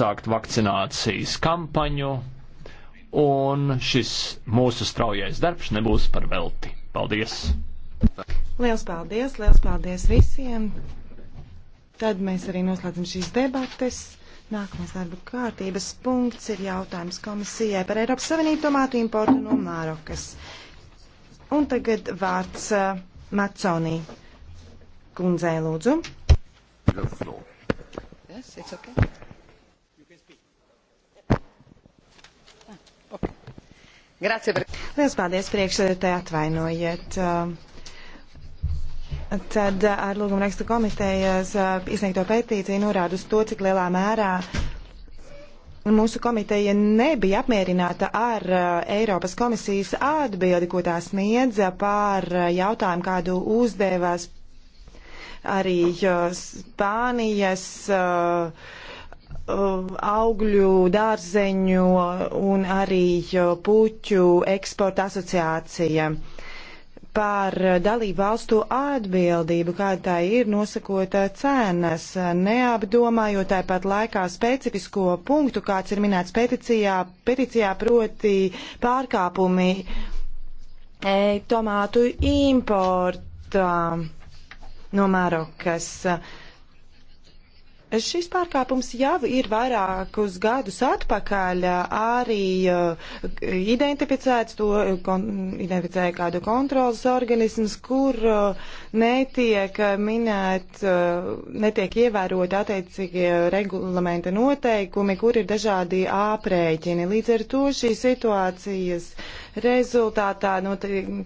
sākt vakcinācijas kampaņu, un šis mūsu straujais darbs nebūs par velti. Paldies! Liels paldies, liels paldies visiem! Tad mēs arī noslēdzam šīs debates. Nākamais darba kārtības punkts ir jautājums komisijai par Eiropas Savienību tomātu importu no Mārokas. Un tagad vārds uh, Maconī kundzei lūdzu. Yes, it's okay. Lielas paldies priekšsēdētāji atvainojiet. Tad ar lūgumu rakstu komitejas uh, izsniegto petīciju norāda uz to, cik lielā mērā mūsu komiteja nebija apmierināta ar uh, Eiropas komisijas atbildi, ko tā sniedza par uh, jautājumu, kādu uzdevās arī Spānijas uh, Uh, augļu, dārzeņu un arī uh, puķu eksporta asociācija par dalību valstu atbildību, kā tā ir nosakot uh, cenas, neapdomājot tāpat laikā specifisko punktu, kāds ir minēts peticijā, peticijā proti pārkāpumi e, tomātu importa no Marokas. E, Šis pārkāpums jau ir vairākus gadus atpakaļ arī eh, identificēts, to kon, identificēja kādu kontrolas organismus, kur eh, netiek minēt, eh, netiek ievēroti attiecīgie regulamenta noteikumi, kur ir dažādi aprēķini. Līdz ar to šīs situācijas rezultātā notiek. Nu,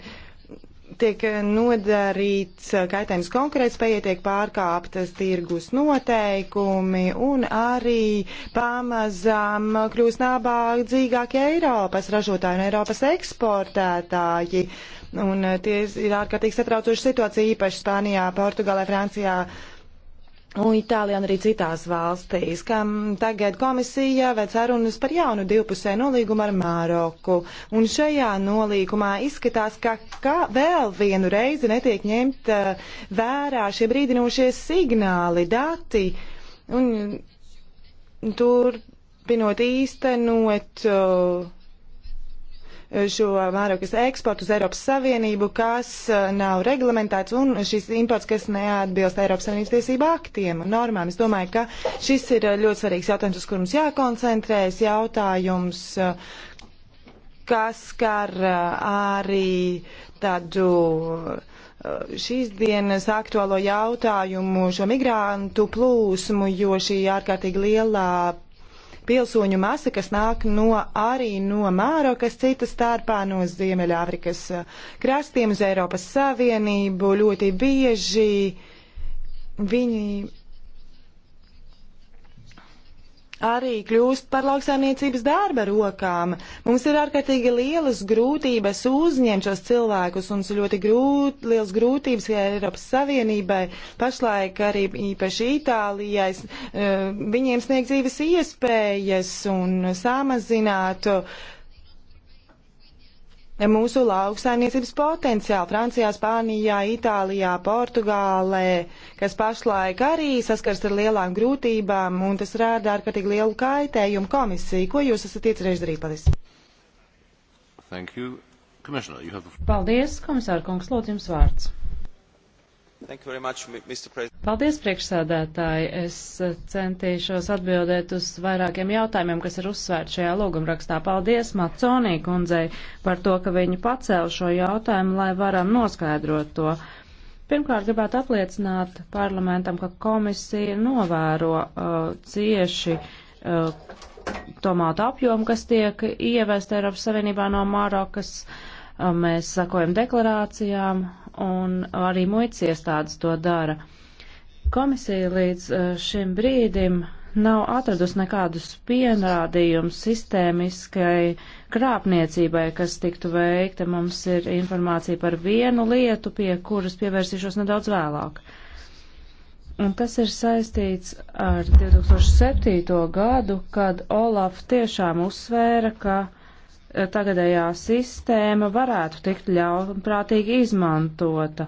tiek nodarīts kaitējums konkurētspējai, tiek pārkāptas tirgus noteikumi un arī pamazām kļūst nabādzīgākie Eiropas ražotāji un Eiropas eksportētāji. Un tie ir ārkārtīgi satraucoši situācija īpaši Spānijā, Portugālē, Francijā. Uh, un Itālijā un arī citās valstīs, kam tagad komisija veic sarunas par jaunu divpusēju nolīgumu ar Māroku. Un šajā nolīgumā izskatās, ka, ka vēl vienu reizi netiek ņemt eh, vērā šie brīdinošie signāli, dati. Un turpinot īstenot. Uh, šo mērokas eksportu uz Eiropas Savienību, kas eh, nav reglamentēts un šis imports, kas neatbilst Eiropas Savienības tiesību aktiem un normām. Es domāju, ka šis ir eh, ļoti svarīgs jautājums, uz kur mums jākoncentrējas, jautājums, eh, kas skar arī tādu šīs dienas aktuālo jautājumu, šo migrantu plūsmu, jo šī ārkārtīgi lielā pilsoņu masa, kas nāk no, arī no Mārokas, citas starpā no Ziemeļāfrikas uh, krastiem uz Eiropas Savienību. Ļoti bieži viņi arī kļūst par lauksaimniecības darba rokām. Mums ir ārkārtīgi lielas grūtības uzņemt šos cilvēkus, un ļoti grūt, liels grūtības Eiropas Savienībai, pašlaik arī īpaši Itālijai, eh, viņiem sniegt dzīves iespējas un samazināt mūsu lauksainiecības potenciālu Francijā, Spānijā, Itālijā, Portugālē, kas pašlaik arī saskars ar lielām grūtībām un tas rāda ārkārtīgi lielu kaitējumu komisiju. Ko jūs esat iecerējuši darīt, paldies? Paldies, komisāra kungs, lūdzu jums vārds. Much, Paldies, priekšsādātāji. Es eh, centīšos atbildēt uz vairākiem jautājumiem, kas ir uzsvērti šajā lūgumrakstā. Paldies Maconī kundzei par to, ka viņi pacēla šo jautājumu, lai varam noskaidrot to. Pirmkārt, gribētu apliecināt parlamentam, ka komisija novēro uh, cieši uh, tomātu apjomu, kas tiek ievest Eiropas Savienībā no Marokas. Uh, mēs sakojam deklarācijām un arī muitas iestādes to dara. Komisija līdz e, šim brīdim nav atradusi nekādus pierādījumus sistēmiskai krāpniecībai, kas tiktu veikta. Mums ir informācija par vienu lietu, pie kuras pievērsīšos nedaudz vēlāk. Un tas ir saistīts ar 2007. gadu, kad Olaf tiešām uzsvēra, ka tagadējā sistēma varētu tikt ļaunprātīgi izmantota,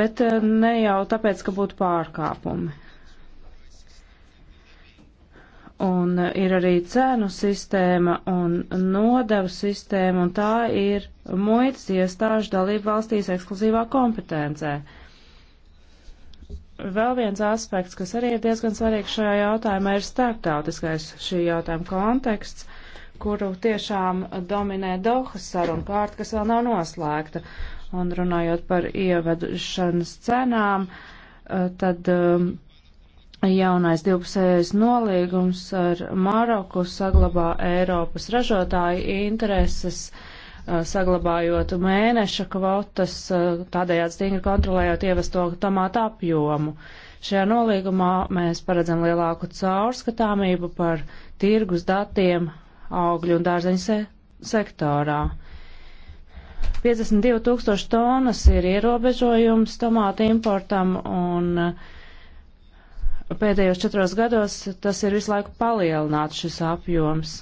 bet eh, ne jau tāpēc, ka būtu pārkāpumi. Un eh, ir arī cēnu sistēma un nodevu sistēma, un tā ir muitas iestāžu dalību valstīs ekskluzīvā kompetencē. Vēl viens aspekts, kas arī ir diezgan svarīgs šajā jautājumā, ir starptautiskais šī jautājuma konteksts kuru tiešām dominē Dohas saruna kārta, kas vēl nav noslēgta. Un runājot par ievedušanas cenām, eh, tad um, jaunais divpusējais nolīgums ar Maroku saglabā Eiropas ražotāju intereses, eh, saglabājot mēneša kvotas, eh, tādējādi stingri kontrolējot ievesto tomātu apjomu. Šajā nolīgumā mēs paredzam lielāku caurskatāmību par tirgus datiem augļu un dārzeņu se sektorā. 52 tūkstoši tonas ir ierobežojums tomātu importam un uh, pēdējos četros gados tas ir visu laiku palielināts šis apjoms.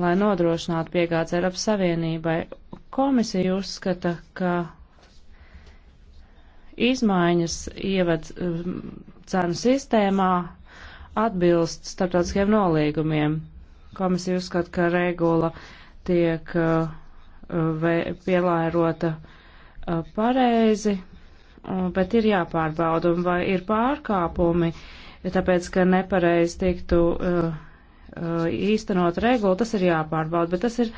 Lai nodrošinātu piegādes Eiropas Savienībai, komisija uzskata, ka izmaiņas ieved um, cenu sistēmā atbilst starptautiskiem nolīgumiem. Komisija uzskata, ka regula tiek uh, pielērota uh, pareizi, uh, bet ir jāpārbauda, vai ir pārkāpumi, tāpēc, ka nepareizi tiktu īstenot regulu, tas ir jāpārbauda, bet tas ir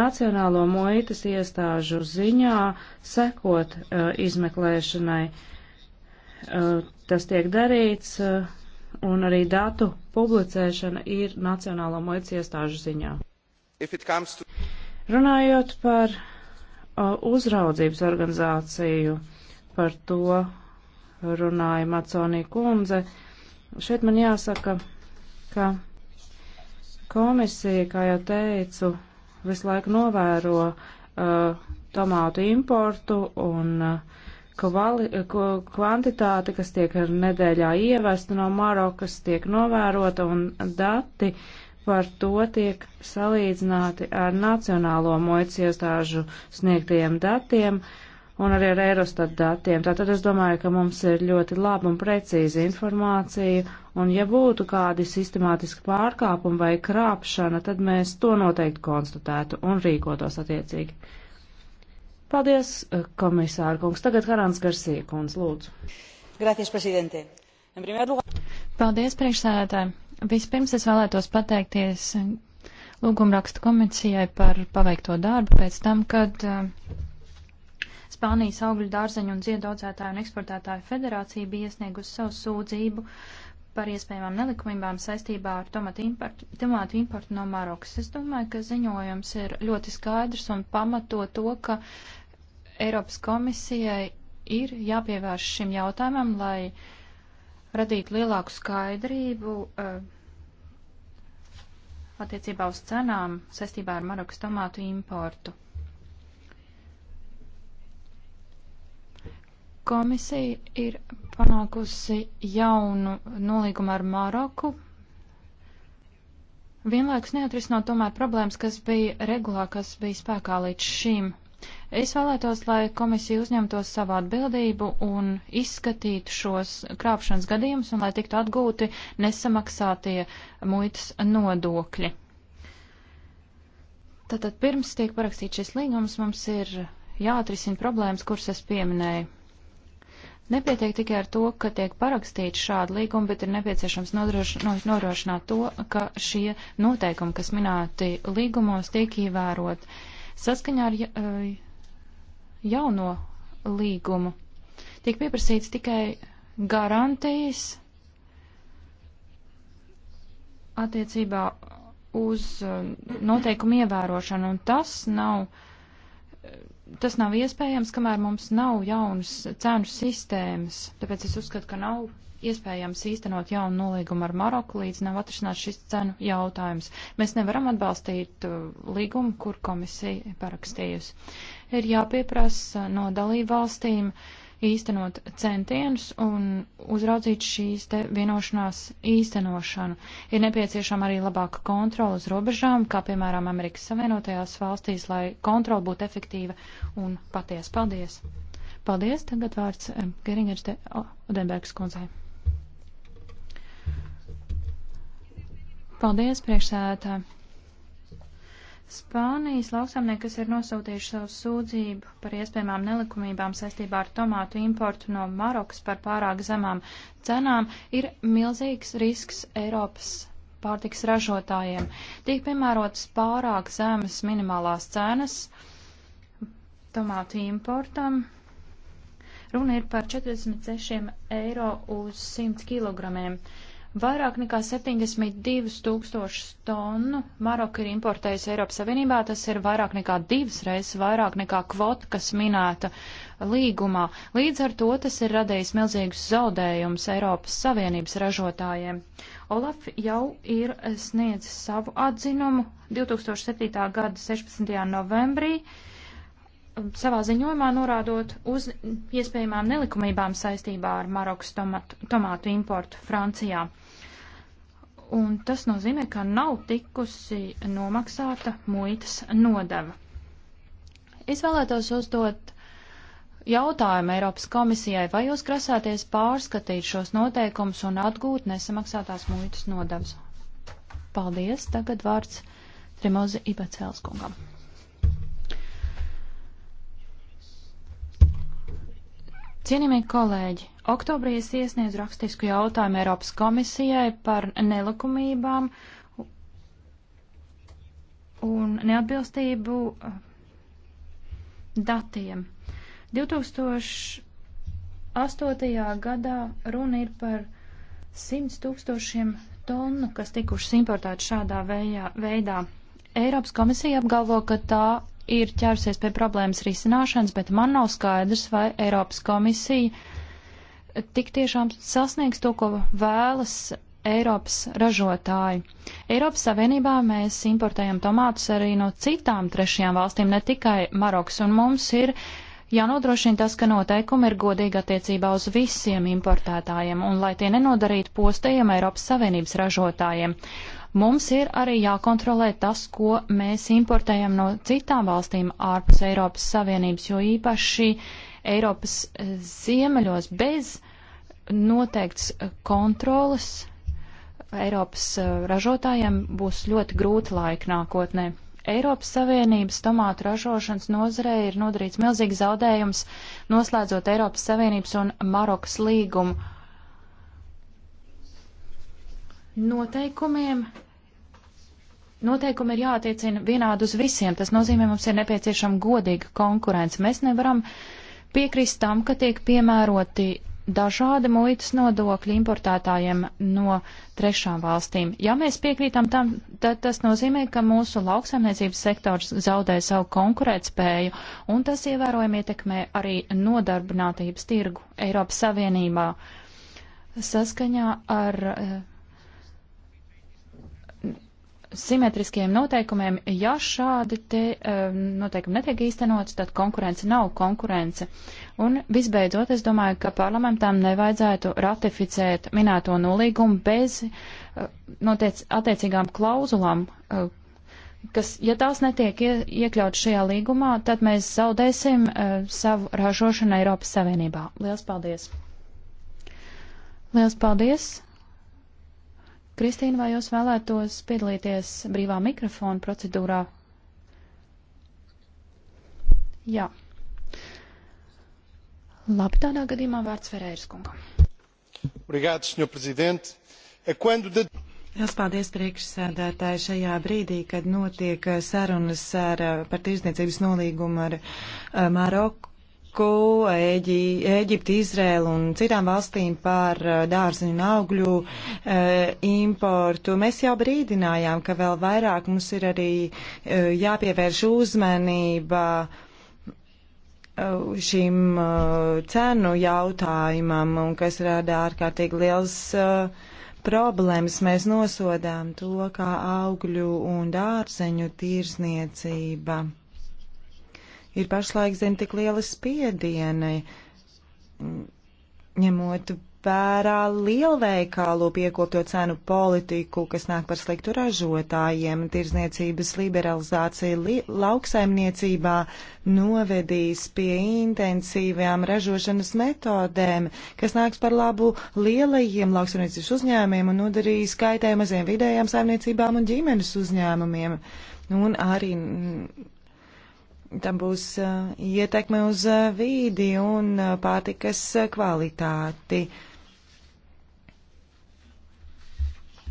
Nacionālo muitas iestāžu ziņā sekot uh, izmeklēšanai. Uh, tas tiek darīts, uh, un arī datu publicēšana ir Nacionālo muitas iestāžu ziņā. To... Runājot par uh, uzraudzības organizāciju, par to runāja Maconī kundze, šeit man jāsaka, ka komisija, kā jau teicu, visu laiku novēro uh, tomātu importu un uh, kvali, kvantitāte, kas tiek nedēļā ievesta no Marokas, tiek novērota un dati par to tiek salīdzināti ar nacionālo mojas iestāžu sniegtajiem datiem un arī ar Eurostat datiem. Tātad es domāju, ka mums ir ļoti laba un precīza informācija, un ja būtu kādi sistemātiski pārkāpumi vai krāpšana, tad mēs to noteikti konstatētu un rīkotos attiecīgi. Paldies, eh, komisāra kungs. Tagad Harāns Garsija kungs, lūdzu. Gracias, prezidente. Paldies, priekšsēdētāji. Vispirms es vēlētos pateikties lūgumrakstu komisijai par paveikto darbu pēc tam, kad eh, Spānijas augļu dārzeņu un ziedaudzētāju un eksportētāju federācija bija iesniegusi savu sūdzību par iespējamām nelikumībām saistībā ar tomātu importu, tomātu importu no Marokas. Es domāju, ka ziņojums ir ļoti skaidrs un pamato to, ka Eiropas komisijai ir jāpievērš šim jautājumam, lai radītu lielāku skaidrību uh, attiecībā uz cenām saistībā ar Marokas tomātu importu. Komisija ir panākusi jaunu nolīgumu ar Maroku. Vienlaikus neatrisinot tomēr problēmas, kas bija regulā, kas bija spēkā līdz šim Es vēlētos, lai komisija uzņemtos savu atbildību un izskatītu šos krāpšanas gadījumus un lai tiktu atgūti nesamaksātie muitas nodokļi. Tātad pirms tiek parakstīts šis līgums, mums ir jāatrisina problēmas, kuras es pieminēju. Nepietiek tikai ar to, ka tiek parakstīti šādi līgumi, bet ir nepieciešams nodrošināt to, ka šie noteikumi, kas minēti līgumos, tiek ievērot. Saskaņā ar jauno līgumu. Tiek pieprasīts tikai garantijas attiecībā uz um, noteikumu ievērošanu, un tas nav, tas nav iespējams, kamēr mums nav jaunas cenu sistēmas. Tāpēc es uzskatu, ka nav iespējams īstenot jaunu nolīgumu ar Maroku, līdz nav atrisināt šis cenu jautājums. Mēs nevaram atbalstīt uh, līgumu, kur komisija parakstījusi. Ir jāpieprasa no dalību valstīm īstenot centienus un uzraudzīt šīs te vienošanās īstenošanu. Ir nepieciešama arī labāka kontrola uz robežām, kā piemēram Amerikas Savienotajās valstīs, lai kontrola būtu efektīva un patiesa. Paldies! Paldies! Tagad vārd's eh, Geringers de Odenbergs kundzei. Paldies, priekšsēdētāji! Spānijas lauksamnieki, kas ir nosūtījuši savu sūdzību par iespējamām nelikumībām saistībā ar tomātu importu no Marokas par pārāk zemām cenām, ir milzīgs risks Eiropas pārtiks ražotājiem. Tiek piemērotas pārāk zemes minimālās cenas tomātu importam. Runa ir par 46 eiro uz 100 kilogramiem. Uh, Vairāk nekā 72 tūkstošus tonu Maroka ir importējusi Eiropas Savienībā. Tas ir vairāk nekā divas reizes vairāk nekā kvota, kas minēta līgumā. Līdz ar to tas ir radījis milzīgus zaudējumus Eiropas Savienības ražotājiem. Olaf jau ir sniedzis savu atzinumu 2007. gada 16. novembrī. Uh, savā ziņojumā norādot uz iespējamām nelikumībām saistībā ar Marokas tomatu, tomātu importu Francijā. Un tas nozīmē, ka nav tikusi nomaksāta muitas nodeva. Es vēlētos uzdot jautājumu Eiropas komisijai, vai jūs grasāties pārskatīt šos noteikumus un atgūt nesamaksātās muitas nodevas? Paldies, tagad vārds Trimozi Ibecēlskungam. Cienījamie kolēģi, oktobrī es iesniedzu rakstisku jautājumu Eiropas komisijai par nelikumībām un neatbilstību eh, datiem. 2008. gadā runa ir par 100 tūkstošiem tonu, kas tikušas importētas šādā vējā, veidā. Eiropas komisija apgalvo, ka tā ir ķērusies pie problēmas risināšanas, bet man nav skaidrs, vai Eiropas komisija tik tiešām sasniegs to, ko vēlas Eiropas ražotāji. Eiropas Savienībā mēs importējam tomātus arī no citām trešajām valstīm, ne tikai Maroks, un mums ir jānodrošina tas, ka noteikumi ir godīgi attiecībā uz visiem importētājiem, un lai tie nenodarītu postējiem Eiropas Savienības ražotājiem. Uh, Mums ir arī jākontrolē tas, ko mēs importējam no citām valstīm ārpus Eiropas Savienības, jo īpaši Eiropas eh, ziemeļos bez noteikts eh, kontrolas eh, Eiropas ražotājiem būs ļoti grūti laika nākotnē. Eiropas Savienības tomātu ražošanas nozarē ir nodarīts milzīgs zaudējums, noslēdzot Eiropas Savienības un Marokas līgumu Noteikumiem Noteikumi ir jātiecina vienādi uz visiem. Tas nozīmē, mums ir nepieciešama godīga konkurence. Mēs nevaram piekrist tam, ka tiek piemēroti dažādi muitas nodokļi importētājiem no trešām valstīm. Ja mēs piekrītam tam, tad tas nozīmē, ka mūsu lauksaimniecības sektors zaudē savu konkurētspēju, un tas ievērojami ietekmē arī nodarbinātības tirgu Eiropas Savienībā. Saskaņā ar uh, simetriskiem noteikumiem, ja šādi te um, noteikumi netiek īstenots, tad konkurence nav konkurence. Un visbeidzot, es domāju, ka parlamentam nevajadzētu ratificēt minēto nolīgumu bez uh, eh, noteic, attiecīgām klauzulām, uh, kas, ja tās netiek ie, iekļaut šajā līgumā, tad mēs zaudēsim uh, savu ražošanu Eiropas Savienībā. Lielas paldies! Lielas paldies! Kristīna, vai jūs vēlētos piedalīties brīvā mikrofona procedūrā? Jā. Labi, tādā gadījumā vārds Ferēras kungam. Obrigado, senhor presidente. É quando de... Liels paldies priekšsēdētāji šajā brīdī, kad notiek sarunas ar, par tirsniecības nolīgumu ar eh, Maroku Maroku, Eģi, Eģipti, Izrēlu un citām valstīm par eh, dārziņu un augļu e, importu. Mēs jau brīdinājām, ka vēl vairāk mums ir arī e, jāpievērš uzmanība šim e, cenu jautājumam, un kas rada ārkārtīgi liels e, problēmas. Mēs nosodām to, kā augļu un dārzeņu tirzniecība ir pašlaik zem tik liela spiediena, ņemot vērā lielveikālu piekopto cenu politiku, kas nāk par sliktu ražotājiem, tirzniecības liberalizācija li lauksaimniecībā novedīs pie intensīvām ražošanas metodēm, kas nāks par labu lielajiem lauksaimniecības uzņēmumiem un nodarīs kaitējumu maziem vidējām saimniecībām un ģimenes uzņēmumiem. Un arī tam būs uh, ietekme uz uh, vīdi un uh, pārtikas kvalitāti.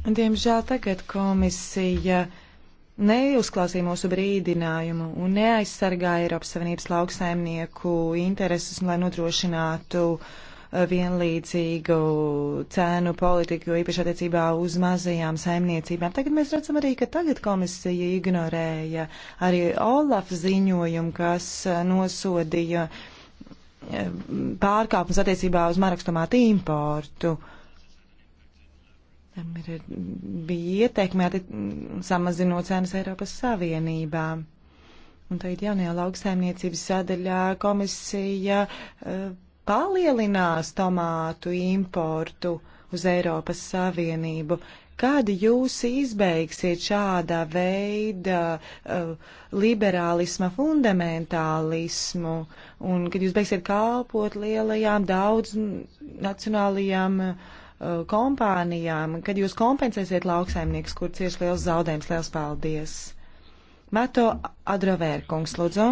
Diemžēl tagad komisija neuzklausīja mūsu brīdinājumu un neaizsargāja Eiropas Savienības lauksaimnieku intereses, lai nodrošinātu uh, vienlīdzīgu cēnu politiku, jo īpaši attiecībā uz mazajām saimniecībām. Tagad mēs redzam arī, ka tagad komisija ignorēja arī Olaf ziņojumu, kas nosodīja eh, pārkāpums attiecībā uz marakstomātu importu. Tam ir, bija ieteikme samazinot cenas Eiropas Savienībā. Un tagad jaunajā lauksaimniecības sadaļā komisija uh, palielinās tomātu importu uz Eiropas Savienību. Kad jūs izbeigsiet šāda veida uh, liberālisma fundamentālismu un kad jūs beigsiet kalpot lielajām daudz nacionālajām uh, kompānijām, kad jūs kompensēsiet lauksaimnieks, kur cieši liels zaudējums, liels paldies. Mato Adrovērkungs, lūdzu.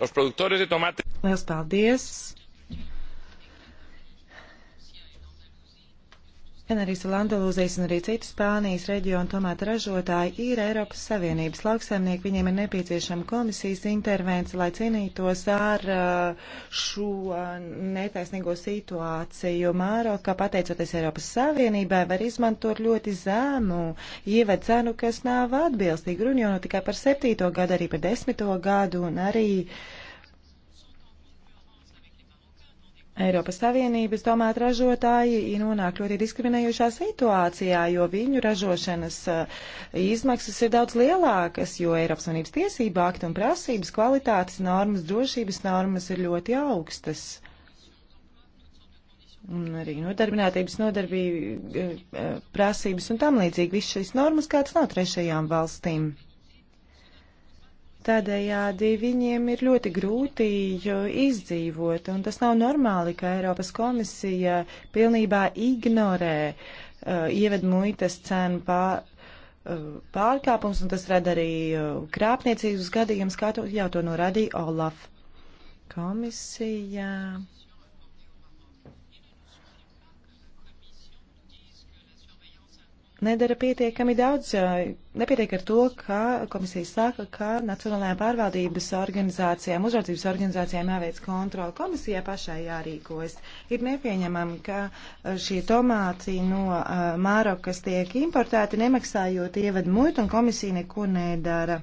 Liels paldies gan arī Landalūzijas un arī citu Spānijas reģionu tomātu ražotāji ir Eiropas Savienības lauksaimnieki. Viņiem ir nepieciešama komisijas intervence, lai cīnītos ar uh, šo uh, netaisnīgo situāciju. Mārokā, pateicoties Eiropas Savienībai, var izmantot ļoti zēmu ieved cenu, kas nav atbilstīga. Runa jau tikai par septīto gadu, arī par desmito gadu un arī. Uh, Eiropas Savienības tomātu ražotāji nonāk ļoti diskriminējušā situācijā, jo viņu ražošanas eh, izmaksas ir daudz lielākas, jo Eiropas Savienības tiesība akti un prasības, kvalitātes normas, drošības normas ir ļoti augstas. Un arī nodarbinātības nodarbība eh, eh, prasības un tam līdzīgi. Viss šīs normas kāds nav trešajām valstīm. Tādējādi viņiem ir ļoti grūti izdzīvot, un tas nav normāli, ka Eiropas komisija pilnībā ignorē uh, ieved muitas cenu pār, uh, pārkāpums, un tas rada arī uh, krāpniecības gadījums, kā to, jau to norādīja Olaf. Komisija. Uh, nedara pietiekami daudz. Nepietiek ar to, ka komisija saka, ka Nacionālajām pārvaldības organizācijām, uzraudzības organizācijām jāveic kontroli. Komisijā pašai jārīkojas. Ir nepieņemami, ka šie tomāti no uh, Mārokas tiek importēti, nemaksājot ievadu muitu, un komisija neko nedara.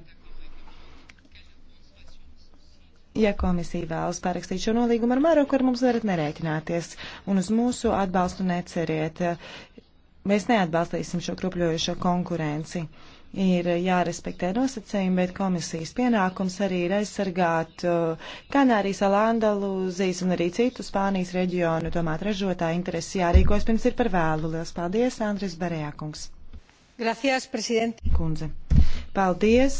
Ja komisija vēlas parakstīt šo nolīgumu ar Maroku, ar mums varat nerēķināties un uz mūsu atbalstu neceriet mēs neatbalstīsim šo krupļojošo konkurenci. Ir jārespektē nosacījumi, bet komisijas pienākums arī ir aizsargāt uh, Kanārijas, Alandalūzijas un arī citu Spānijas reģionu. Tomēr ražotāja interesi jārīkojas pirms ir par vēlu. Lielas paldies, Andris Berejākungs. Gracias, prezidente. Kundze. Paldies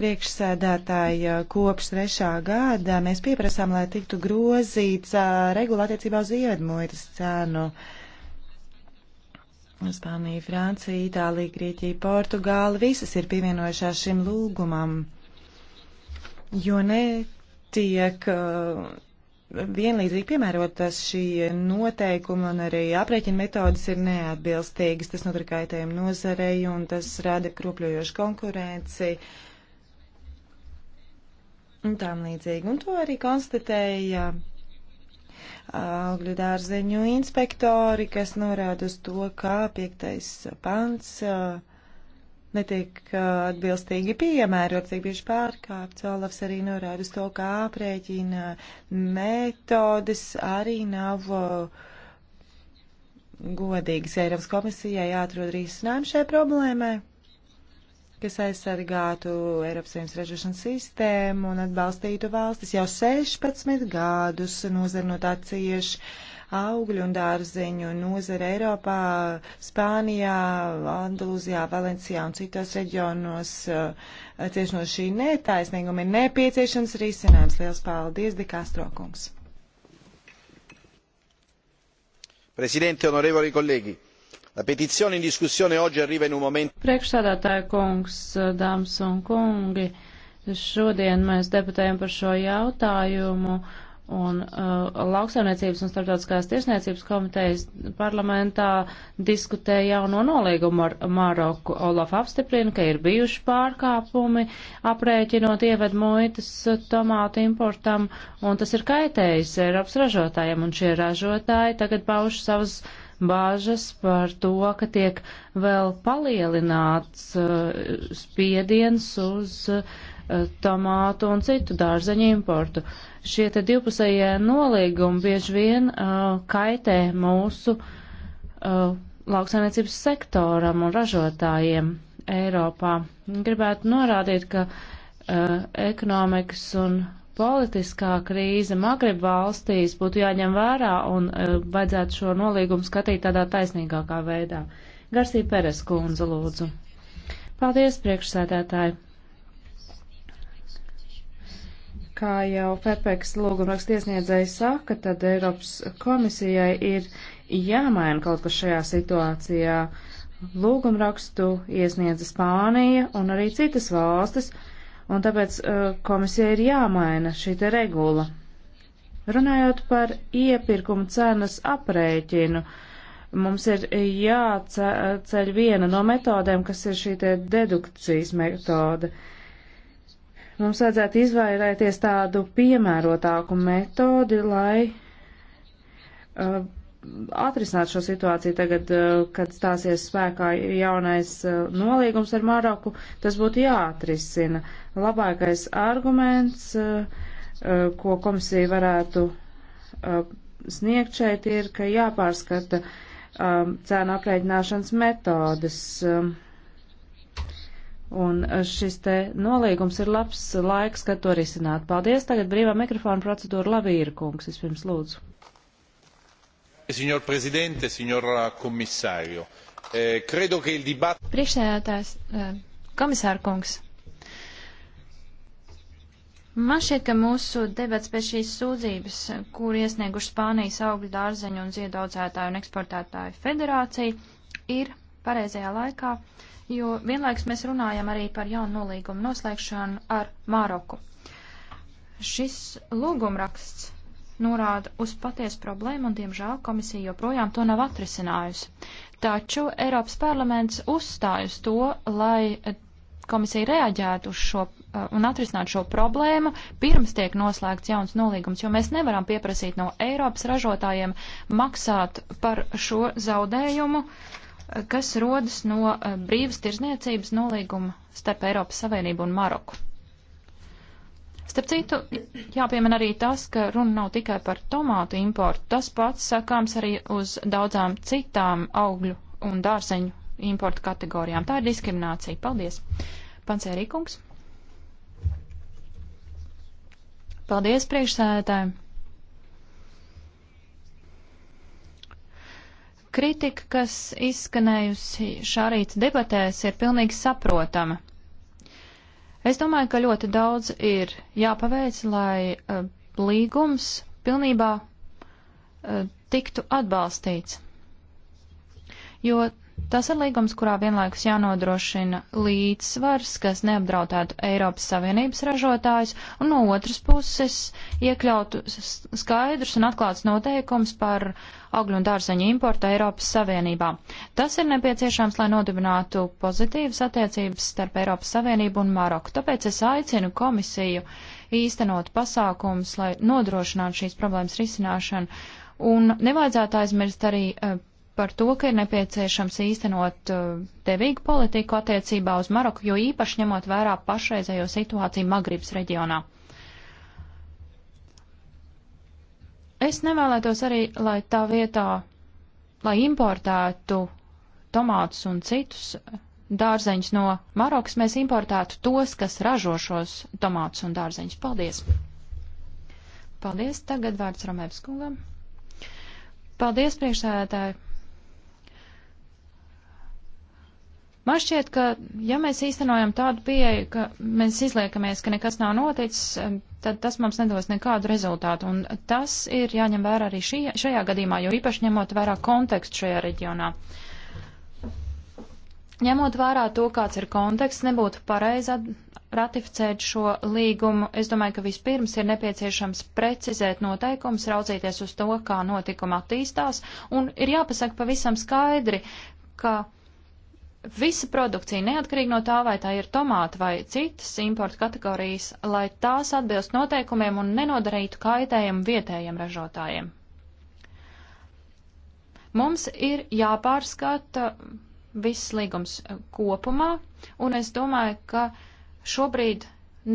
priekšsēdētāja uh, kopš trešā gada mēs pieprasām, lai tiktu grozīts uh, regula attiecībā uz iedmuitas cenu. Uh, Spānija, Francija, Itālija, Grieķija, Portugāla visas ir pievienojušās šim lūgumam, jo netiek uh, vienlīdzīgi piemērotas šī noteikuma un arī aprēķina metodas ir neatbilstīgas. Tas nodara kaitējumu nozarei un tas rada kropļojošu konkurenci. Un tām līdzīgi. Un to arī konstatēja augļu dārzeņu inspektori, kas norāda uz to, kā piektais pants netiek atbilstīgi piemērots, tiek bieži pārkāpts. Olafs arī norāda uz to, kā aprēķina metodes arī nav godīgas. Eiropas komisijai jāatrod risinājumu šai problēmai kas aizsargātu Eiropas Savienības ražošanas sistēmu un atbalstītu valstis. Jau 16 gadus nozara no tā cieši augļu un dārzeņu nozara Eiropā, Spānijā, Andalūzijā, Valencijā un citos reģionos eh, cieši no šī netaisnīguma ir nepieciešams risinājums. Liels paldies, Dikāstrokungs! Presidente, onorevoli kolēģi! La petizione in discussione oggi arriva in un momento. Priekšsādātāja kungs, dāmas un kungi, šodien mēs debatējam par šo jautājumu un uh, lauksaimniecības un starptautiskās tiesniecības komitejas parlamentā diskutēja jauno nolīgumu ar Maroku. Olaf apstiprina, ka ir bijuši pārkāpumi aprēķinot ieved muitas tomātu importam, un tas ir kaitējis Eiropas ražotājiem, un šie ražotāji tagad pauž savas uh, bāžas par to, ka tiek vēl palielināts uh, spiediens uz uh, tomātu un citu dārzeņu importu. Šie te divpusējie nolīgumi bieži vien uh, kaitē mūsu lauksainiecības sektoram un ražotājiem Eiropā. Gribētu norādīt, ka ekonomikas un politiskā krīze Magrib valstīs būtu jāņem vērā un uh, vajadzētu šo nolīgumu skatīt tādā taisnīgākā veidā. Garsī Peres kundze lūdzu. Paldies, priekšsēdētāji. Kā jau Pepeks lūgumrakst iesniedzēji saka, tad Eiropas komisijai ir jāmaina kaut kas šajā situācijā. Lūgumrakstu iesniedza Spānija un arī citas valstis un tāpēc uh, komisija ir jāmaina šī te regula. Runājot par iepirkuma cenas aprēķinu, mums ir jāceļ viena no metodēm, kas ir šī te dedukcijas metode. Mums vajadzētu izvairēties tādu piemērotāku metodi, lai uh, atrisināt šo situāciju tagad, eh, kad stāsies spēkā jaunais eh, nolīgums ar Maroku, tas būtu jāatrisina. Labākais arguments, eh, ko komisija varētu sniegt šeit, ir, ka jāpārskata cēnu aprēķināšanas metodas. Un šis te nolīgums ir labs laiks, kad to risināt. Paldies, tagad brīvā mikrofona procedūra Lavīra kungs, vispirms lūdzu. Eh, signor presidente signora eh, commissario eh, credo che il dibattito. priekšsēdētājs komisāra kungs man šķiet ka mūsu debats pēc šīs sūdzības kur iesnieguši spānijas augļu dārzeņu un ziedaudzētāju un eksportētāju federācija ir pareizajā laikā jo vienlaiks mēs runājam arī par jaunu nolīgumu noslēgšanu ar maroku šis lūgumraksts norāda uz patiesu problēmu, un, diemžēl, komisija joprojām to nav atrisinājusi. Taču Eiropas parlaments uzstājas to, lai eh, komisija reaģētu uz šo eh, un atrisināt šo problēmu, pirms tiek noslēgts jauns nolīgums, jo mēs nevaram pieprasīt no Eiropas ražotājiem maksāt par šo zaudējumu, eh, kas rodas no brīvas tirzniecības nolīguma starp Eiropas Savienību un Maroku. Starp citu, jāpiemina arī tas, ka runa nav tikai par tomātu importu. Tas pats sakāms arī uz daudzām citām augļu un dārzeņu importu kategorijām. Tā ir diskriminācija. Paldies. Pancērīkungs. Paldies, priekšsēdētāji. Kritika, kas izskanējusi šā rīta debatēs, ir pilnīgi saprotama. Es domāju, ka ļoti daudz ir jāpaveic, lai uh, līgums pilnībā uh, tiktu atbalstīts. Jo Tas ir līgums, kurā vienlaikus jānodrošina līdzsvars, kas neapdrautētu Eiropas Savienības ražotājus, un no otras puses iekļautu skaidrs un atklāts noteikums par augļu un dārzeņu importu Eiropas Savienībā. Tas ir nepieciešams, lai nodibinātu pozitīvas attiecības starp Eiropas Savienību un Maroku. Tāpēc es aicinu komisiju īstenot pasākums, lai nodrošinātu šīs problēmas risināšanu, un nevajadzētu aizmirst arī eh, par to, ka ir nepieciešams īstenot uh, devīgu politiku attiecībā uz Maroku, jo īpaši ņemot vērā pašreizējo situāciju Magribas reģionā. Es nevēlētos arī, lai tā vietā, lai importētu tomātus un citus dārzeņus no Marokas, mēs importētu tos, kas ražo šos tomātus un dārzeņus. Paldies! Paldies! Tagad vārds Romēvs kungam. Paldies, priekšsēdētāji! Man šķiet, ka ja mēs īstenojam tādu pieeju, ka mēs izliekamies, ka nekas nav noticis, tad tas mums nedos nekādu rezultātu. Un tas ir jāņem vērā arī šī, šajā gadījumā, jo īpaši ņemot vērā kontekstu šajā reģionā. Ņemot vērā to, kāds ir konteksts, nebūtu pareizi ratificēt šo līgumu. Es domāju, ka vispirms ir nepieciešams precizēt noteikumus, raudzīties uz to, kā notikuma attīstās, un ir jāpasaka pavisam skaidri, ka visa produkcija, neatkarīgi no tā, vai tā ir tomāta vai citas importu kategorijas, lai tās atbilst noteikumiem un nenodarītu kaitējumu vietējiem ražotājiem. Mums ir jāpārskata viss līgums kopumā, un es domāju, ka šobrīd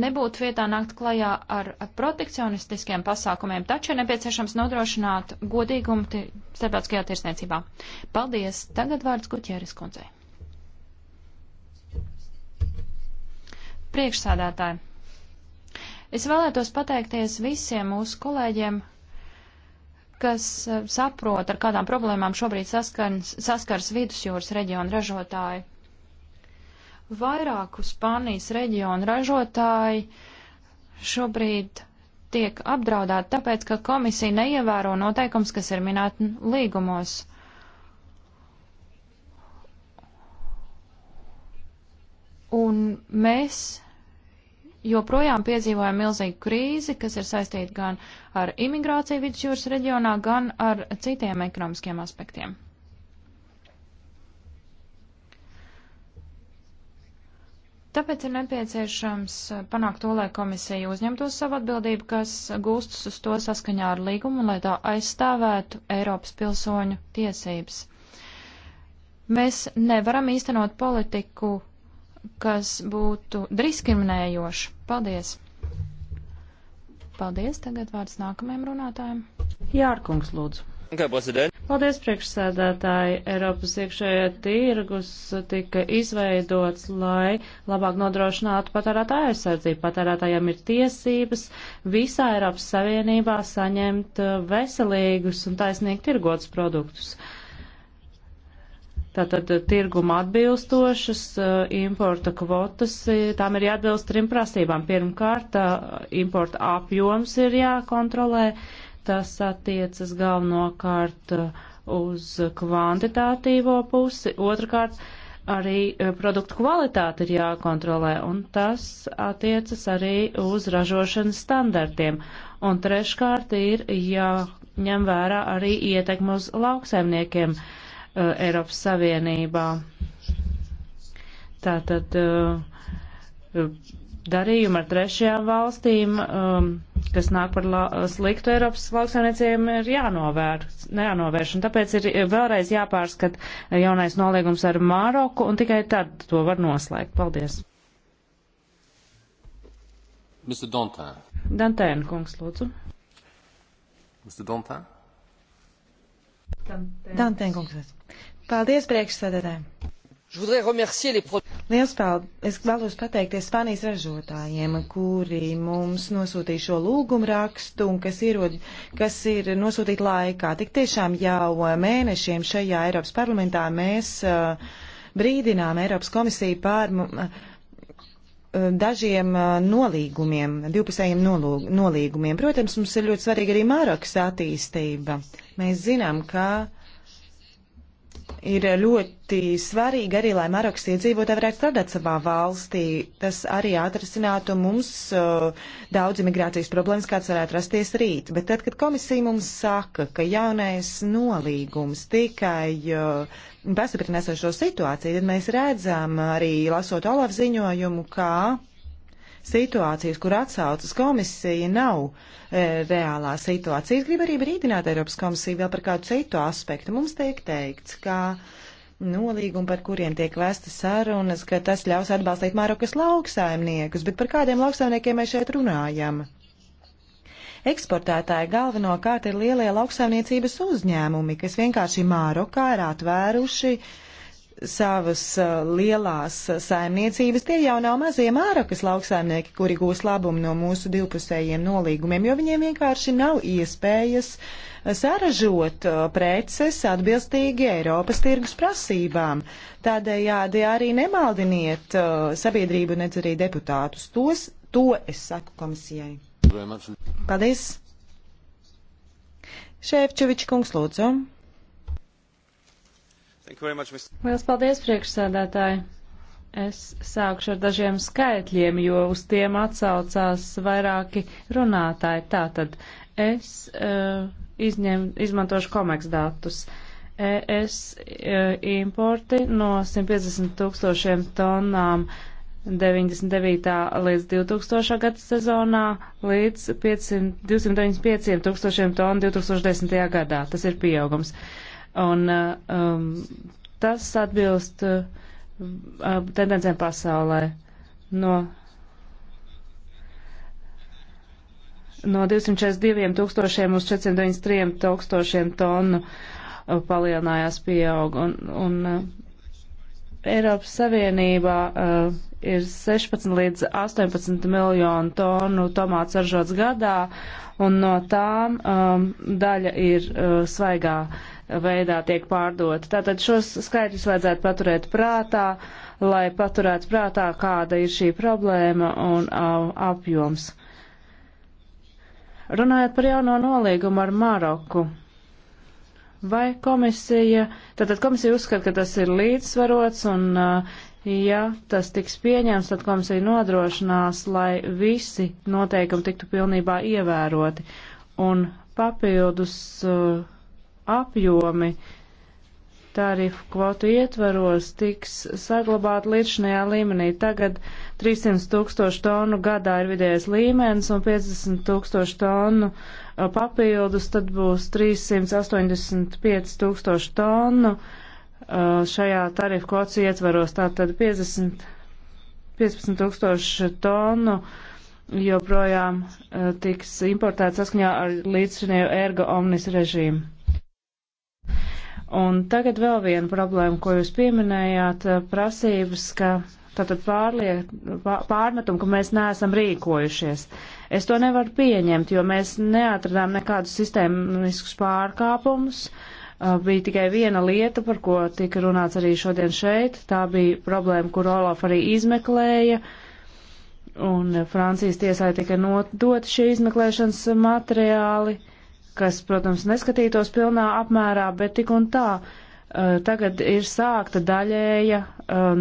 nebūtu vietā nākt klajā ar protekcionistiskiem pasākumiem, taču ir nepieciešams nodrošināt godīgumu starptautiskajā tirsniecībā. Paldies! Tagad vārds Guķieris kundzei. Priekšsādātāji, es vēlētos pateikties visiem mūsu kolēģiem, kas eh, saprot, ar kādām problēmām šobrīd saskars, saskars vidusjūras reģiona ražotāji. Vairāku Spānijas reģionu ražotāji šobrīd tiek apdraudēti tāpēc, ka komisija neievēro noteikums, kas ir minēti līgumos. Un mēs joprojām piedzīvojam milzīgu krīzi, kas ir saistīta gan ar imigrāciju vidusjūras reģionā, gan ar citiem ekonomiskiem aspektiem. Tāpēc ir nepieciešams uh, panākt to, lai komisija uzņemtos savu atbildību, kas gūstas uz to saskaņā ar līgumu un lai tā aizstāvētu Eiropas pilsoņu tiesības. Mēs nevaram īstenot politiku kas būtu diskriminējoši. Paldies! Paldies! Tagad vārds nākamajam runātājam. Jārkungs, lūdzu. Paldies, priekšsēdētāji. Eiropas iekšējā tirgus tika izveidots, lai labāk nodrošinātu patērētāju aizsardzību. Patērētājiem ir tiesības visā Eiropas Savienībā saņemt uh, veselīgus un taisnīgi tirgotus produktus. Uh, Tātad eh, tirguma atbilstošas eh, importa kvotas, eh, tām ir jāatbilst trim prasībām. Pirmkārt, importa apjoms ir jākontrolē, tas attiecas galvenokārt uz kvantitātīvo pusi. Otrakārt, arī produktu kvalitāte ir jākontrolē, un tas attiecas arī uz ražošanas standartiem. Un treškārt ir jāņem vērā arī ietekme uz lauksaimniekiem. Uh, Eh, Eiropas Savienībā. Tātad eh, darījumi ar trešajām valstīm, eh, kas nāk par sliktu Eiropas lauksaimniecējiem, ir jānovērš, jānovērš. Un tāpēc ir vēlreiz jāpārskat jaunais noliegums ar Māroku, un tikai tad to var noslēgt. Paldies! Mr. Dantin. Dantēna kungs, lūdzu. Mr. Dantin. Dantēna kungs. Paldies, priekšsēdētāji! Liels paldies! Es vēlos pateikties Spānijas ražotājiem, kuri mums nosūtīja šo lūgumu rakstu un kas, ierod, kas ir nosūtīti laikā. Tik tiešām jau mēnešiem šajā Eiropas parlamentā mēs uh, brīdinām Eiropas komisiju par uh, dažiem uh, nolīgumiem, divpusējiem nolīgumiem. Protams, mums ir ļoti svarīga arī Marokas attīstība. Mēs zinām, ka ir ļoti svarīgi arī, lai Marokas iedzīvotāji varētu strādāt savā valstī. Tas arī atrasinātu mums uh, daudz imigrācijas problēmas, kāds varētu rasties rīt. Bet tad, kad komisija mums saka, ka jaunais nolīgums tikai uh, pastiprina esošo situāciju, tad mēs redzam arī, lasot Olaf ziņojumu, ka situācijas, kur atsaucas komisija nav e, reālā situācija. Es gribu arī brīdināt Eiropas komisiju vēl par kādu citu aspektu. Mums tiek teikts, ka nolīgumi, par kuriem tiek vēstas sarunas, ka tas ļaus atbalstīt Marokas lauksaimniekus, bet par kādiem lauksaimniekiem mēs šeit runājam? Eksportētāji galvenokārt ir lielie lauksaimniecības uzņēmumi, kas vienkārši Mārokā ir atvēruši uh, savas uh, lielās uh, saimniecības, tie jau nav mazie mārakas lauksaimnieki, kuri gūs labumu no mūsu divpusējiem nolīgumiem, jo viņiem vienkārši nav iespējas uh, saražot uh, preces atbilstīgi Eiropas tirgus prasībām. Tādējādi arī nemaldiniet uh, sabiedrību, nedz arī deputātus. Tos, to es saku komisijai. Paldies! Šēfčovičs kungs, lūdzu. Lielas paldies, priekšsēdētāji! Es sākušu ar dažiem skaitļiem, jo uz tiem atsaucās vairāki runātāji. Tātad es uh, izņem, izmantošu komeks datus. ES uh, eh, importi no 150 tūkstošiem tonnām 99. līdz 2000. gada sezonā līdz 500, 295 tūkstošiem tonu 2010. gadā. Tas ir pieaugums. Uh, Un uh, um, tas atbilst uh, tendencēm pasaulē. No, no 242 tūkstošiem uz 493 tūkstošiem tonu uh, palielinājās pieauga. Un, un uh, Eiropas Savienībā uh, ir 16 līdz 18 miljonu tonu tomātu saržots gadā, un no tām um, daļa ir uh, svaigā veidā tiek pārdot. Tātad šos skaidrus vajadzētu paturēt prātā, lai paturētu prātā, kāda ir šī problēma un apjoms. Runājot par jauno nolīgumu ar Maroku, vai komisija, tātad komisija uzskata, ka tas ir līdzsvarots un, ja tas tiks pieņems, tad komisija nodrošinās, lai visi noteikumi tiktu pilnībā ievēroti. Un papildus uh, apjomi tarifu kvotu ietvaros tiks saglabāt līdšanajā līmenī. Tagad 300 tūkstošu tonu gadā ir vidējais līmenis un 50 tūkstošu tonu papildus, tad būs 385 tūkstošu tonu šajā tarifu kvotu ietvaros. Tātad 50, 15 tūkstošu tonu joprojām tiks importēts saskaņā ar līdšanējo ergo omnis režīmu. Un tagad vēl viena problēma, ko jūs pieminējāt, eh, prasības, ka tātad pārliet, pārmetumu, ka mēs neesam rīkojušies. Es to nevaru pieņemt, jo mēs neatradām nekādus sistēmiskus pārkāpumus. Eh, bija tikai viena lieta, par ko tika runāts arī šodien šeit. Tā bija problēma, kur Olaf arī izmeklēja, un Francijas tiesai tika nodot šie izmeklēšanas materiāli kas, protams, neskatītos pilnā apmērā, bet tik un tā tagad ir sākta daļēja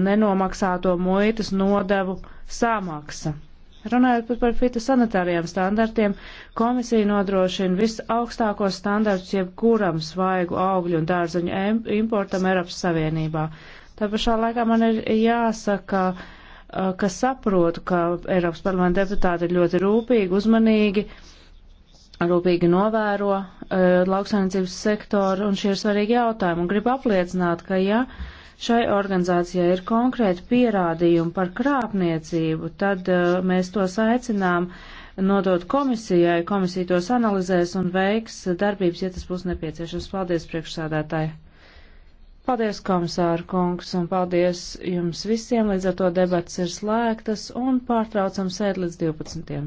nenomaksāto muitas nodevu samaksa. Runājot pat par fitosanitārijiem standartiem, komisija nodrošina visaugstākos standartus jebkuram svaigu augļu un dārzeņu importam Eiropas Savienībā. Tā pašā laikā man ir jāsaka, ka saprotu, ka Eiropas parlamenta deputāti ir ļoti rūpīgi, uzmanīgi uh, rūpīgi novēro uh, eh, lauksainicības sektoru, un šie ir svarīgi jautājumi. Un gribu apliecināt, ka ja šai organizācijai ir konkrēti pierādījumi par krāpniecību, tad uh, mēs tos aicinām nodot komisijai, komisija tos analizēs un veiks darbības, ja tas būs nepieciešams. Paldies priekšsādātāji! Paldies, komisāra kungs, un paldies jums visiem. Līdz ar to debats ir slēgtas un pārtraucam sēd līdz 12.